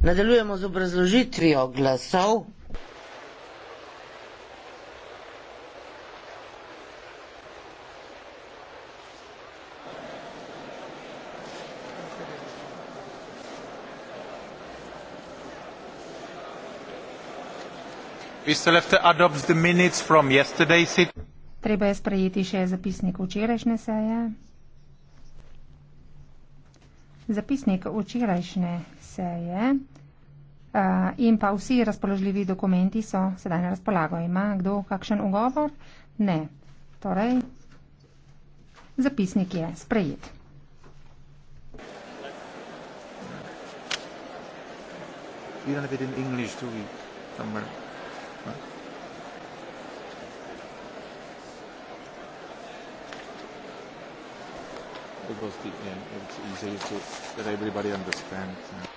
Nadaljujemo z obrazložitvijo glasov. Treba je sprejeti še zapisnik včerajšnje seje zapisnik včerajšnje seje uh, in pa vsi razpoložljivi dokumenti so sedaj na razpolago. Ima kdo kakšen ugovor? Ne. Torej, zapisnik je sprejet. Vi ste navedeni v angliščini, tam. because the, uh, it's easy to, that everybody understands. Uh.